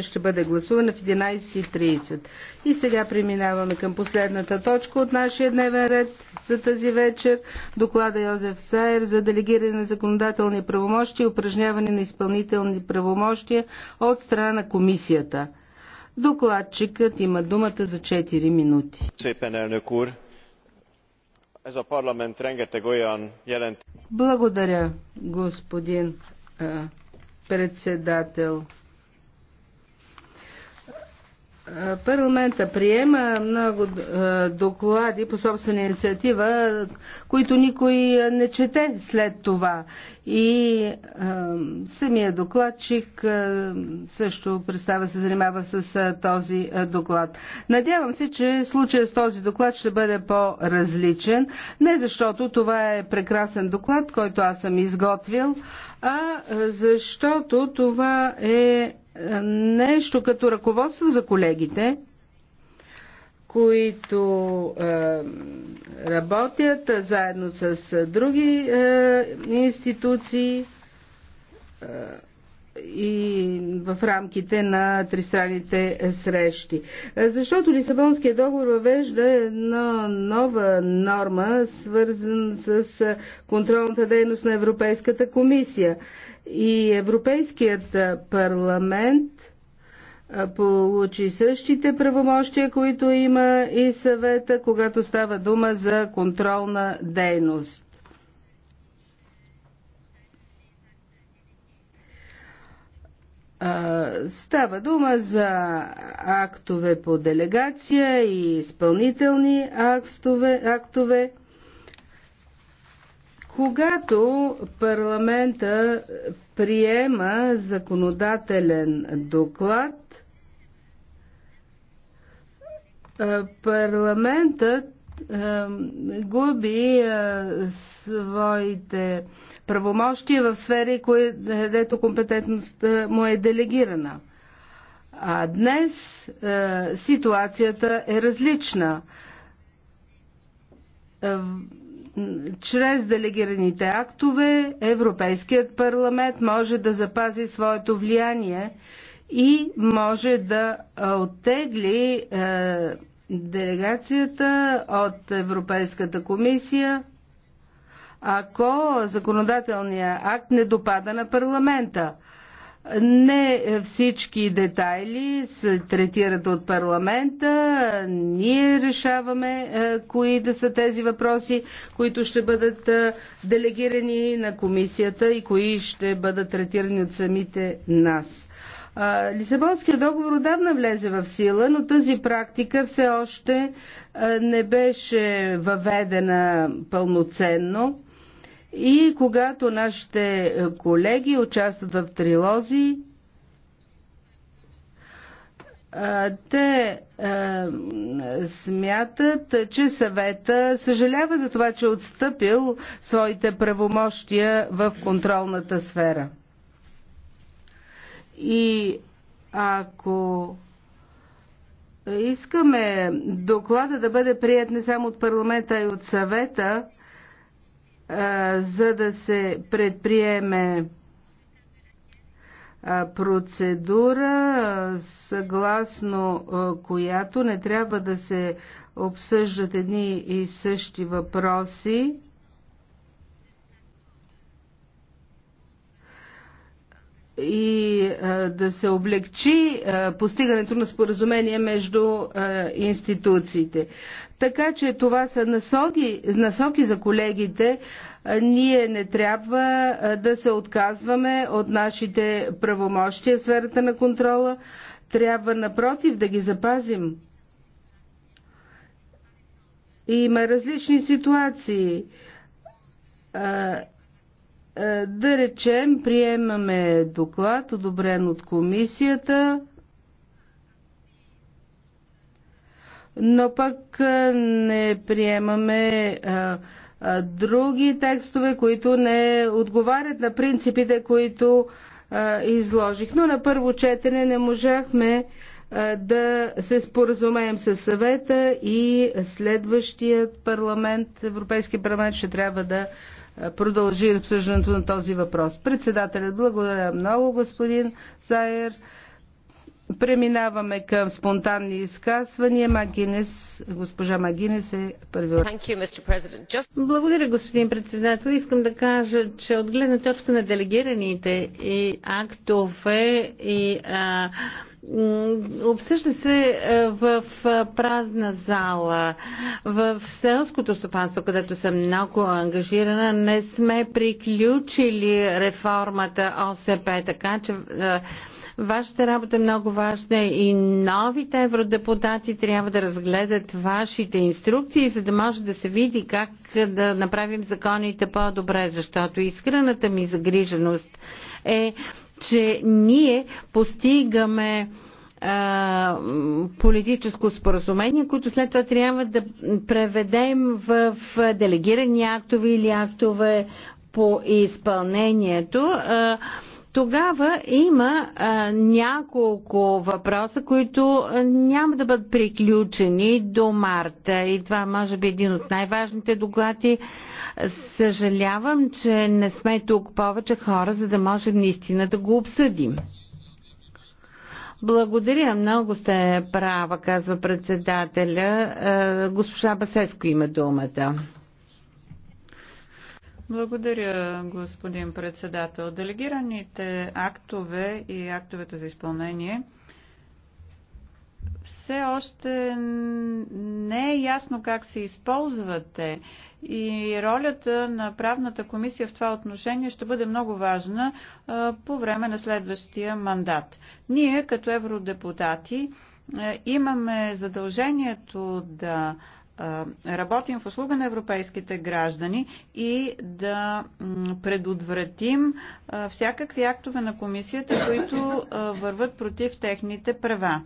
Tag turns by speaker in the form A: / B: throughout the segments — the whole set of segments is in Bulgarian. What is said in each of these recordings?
A: ще бъде гласувана в 11.30. И сега преминаваме към последната точка от нашия дневен ред за тази вечер. Доклада Йозеф Сайер за делегиране на законодателни правомощи и упражняване на изпълнителни правомощия от страна на комисията. Докладчикът има думата за 4 минути. Благодаря, господин председател. Парламента приема много е, доклади по собствена инициатива, които никой е, не чете след това. И е, самия докладчик също представя се занимава с този доклад. Надявам се, че случая с този доклад ще бъде по-различен. Не защото това е прекрасен доклад, който аз съм изготвил, а защото това е е, нещо като ръководство за колегите, които е, работят заедно с други е, институции. Е, и в рамките на тристранните срещи. Защото Лисабонския договор въвежда една нова норма, свързан с контролната дейност на Европейската комисия. И Европейският парламент получи същите правомощия, които има и съвета, когато става дума за контролна дейност. Става дума за актове по делегация и изпълнителни актове, актове когато парламента приема законодателен доклад, парламентът губи е, своите правомощия в сфери, където компетентността му е делегирана. А днес е, ситуацията е различна. Е, чрез делегираните актове Европейският парламент може да запази своето влияние и може да оттегли делегацията от Европейската комисия, ако законодателният акт не допада на парламента. Не всички детайли се третират от парламента. Ние решаваме е, кои да са тези въпроси, които ще бъдат е, делегирани на комисията и кои ще бъдат третирани от самите нас. Лисабонският договор отдавна влезе в сила, но тази практика все още не беше въведена пълноценно. И когато нашите колеги участват в трилози, те смятат, че съвета съжалява за това, че отстъпил своите правомощия в контролната сфера. И ако искаме доклада да бъде прият не само от парламента, а и от съвета, за да се предприеме процедура, съгласно която не трябва да се обсъждат едни и същи въпроси и да се облегчи постигането на споразумение между институциите. Така че това са насоки, насоки за колегите. Ние не трябва да се отказваме от нашите правомощия в сферата на контрола. Трябва напротив да ги запазим. Има различни ситуации е, да речем, приемаме доклад, одобрен от комисията, но пък е, не приемаме е, други текстове, които не отговарят на принципите, които изложих. Но на първо четене не можахме да се споразумеем с съвета и следващият парламент, Европейски парламент, ще трябва да продължи обсъждането на този въпрос. Председателят, благодаря много, господин Заер. Преминаваме към спонтанни изказвания. Магинес, госпожа Магинес е първи. Just... Благодаря, господин председател. Искам да кажа, че от гледна
B: точка на делегираните и актове и а, Обсъжда се е, в е, празна зала, в селското стопанство, където съм много ангажирана. Не сме приключили реформата ОСП, така че е, Вашата работа е много важна и новите евродепутати трябва да разгледат вашите инструкции, за да може да се види как да направим законите по-добре, защото искрената ми загриженост е, че ние постигаме политическо споразумение, които след това трябва да преведем в делегирани актове или актове по изпълнението. Тогава има а, няколко въпроса, които няма да бъдат приключени до марта и това може би е един от най-важните доклади Съжалявам, че не сме тук повече хора, за да можем наистина да го обсъдим. Благодаря, много сте права, казва председателя. Е, госпожа Басеско има думата.
C: Благодаря, господин председател. Делегираните актове и актовете за изпълнение – все още не е ясно как се използвате и ролята на правната комисия в това отношение ще бъде много важна по време на следващия мандат. Ние като евродепутати имаме задължението да работим в услуга на европейските граждани и да предотвратим всякакви актове на комисията, които върват против техните права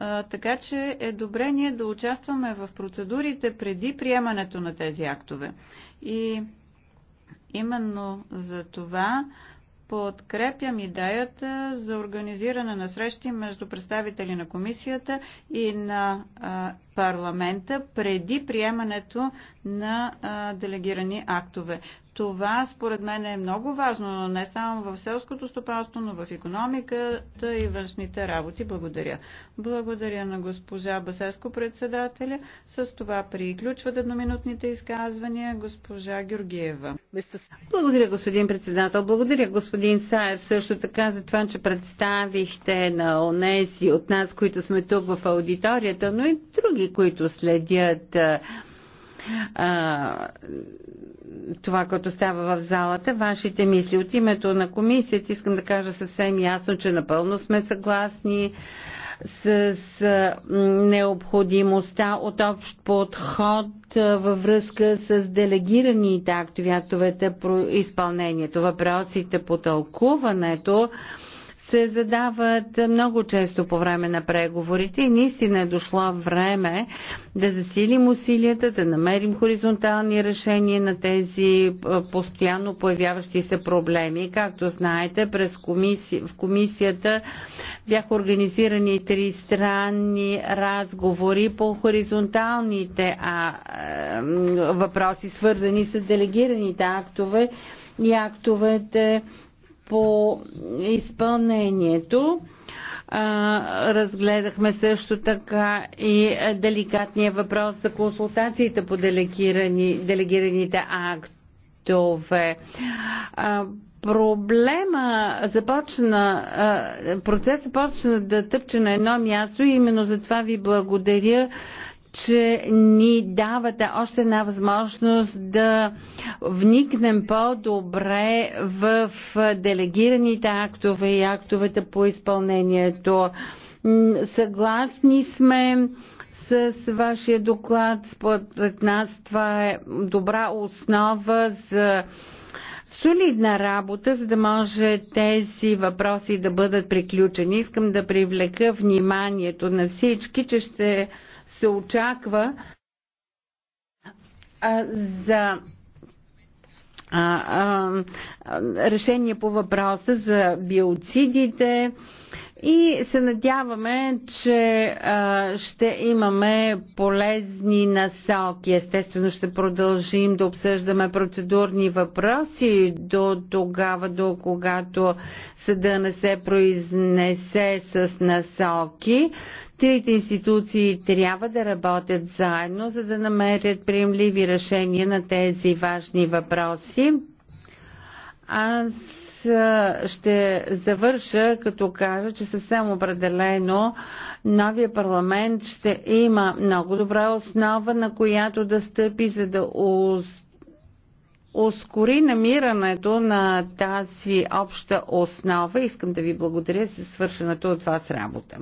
C: така че е добре ние да участваме в процедурите преди приемането на тези актове. И именно за това подкрепям идеята за организиране на срещи между представители на комисията и на парламента преди приемането на а, делегирани актове. Това според мен е много важно, не само в селското стопанство, но в економиката и външните работи. Благодаря. Благодаря на госпожа Басеско председателя. С това приключват едноминутните изказвания госпожа Георгиева.
B: Благодаря, господин председател. Благодаря, господин Саев, също така за това, че представихте на онези от нас, които сме тук в аудиторията, но и други колеги, които следят а, това, което става в залата, вашите мисли. От името на комисията искам да кажа съвсем ясно, че напълно сме съгласни с, с необходимостта от общ подход във връзка с делегираните актове, актовете про изпълнението, въпросите по тълкуването се задават много често по време на преговорите и наистина е дошло време да засилим усилията, да намерим хоризонтални решения на тези постоянно появяващи се проблеми. Както знаете, през комиси... в комисията бяха организирани три странни разговори по хоризонталните а, въпроси, свързани с делегираните актове и актовете по изпълнението. Разгледахме също така и деликатния въпрос за консултациите по делегирани, делегираните актове. Проблема започна, процес започна да тъпче на едно място и именно за това ви благодаря че ни давате още една възможност да вникнем по-добре в делегираните актове и актовете по изпълнението. Съгласни сме с вашия доклад. Според нас това е добра основа за солидна работа, за да може тези въпроси да бъдат приключени. Искам да привлека вниманието на всички, че ще се очаква а, за а, а, решение по въпроса за биоцидите и се надяваме, че а, ще имаме полезни насоки. Естествено ще продължим да обсъждаме процедурни въпроси до тогава, до когато съда не се произнесе с насоки. Трите институции трябва да работят заедно, за да намерят приемливи решения на тези важни въпроси. Аз ще завърша като кажа, че съвсем определено новия парламент ще има много добра основа, на която да стъпи, за да ускори намирането на тази обща основа. Искам да ви благодаря за свършената от вас работа.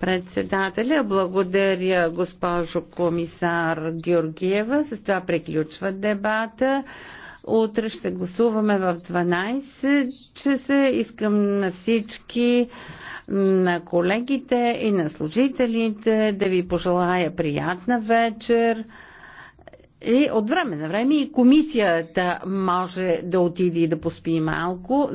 B: Председателя, благодаря госпожо комисар Георгиева. С това приключва дебата. Утре ще гласуваме в 12 часа. Искам на всички, на колегите и на служителите да ви пожелая приятна вечер. И от време на време и комисията може да отиде и да поспи малко.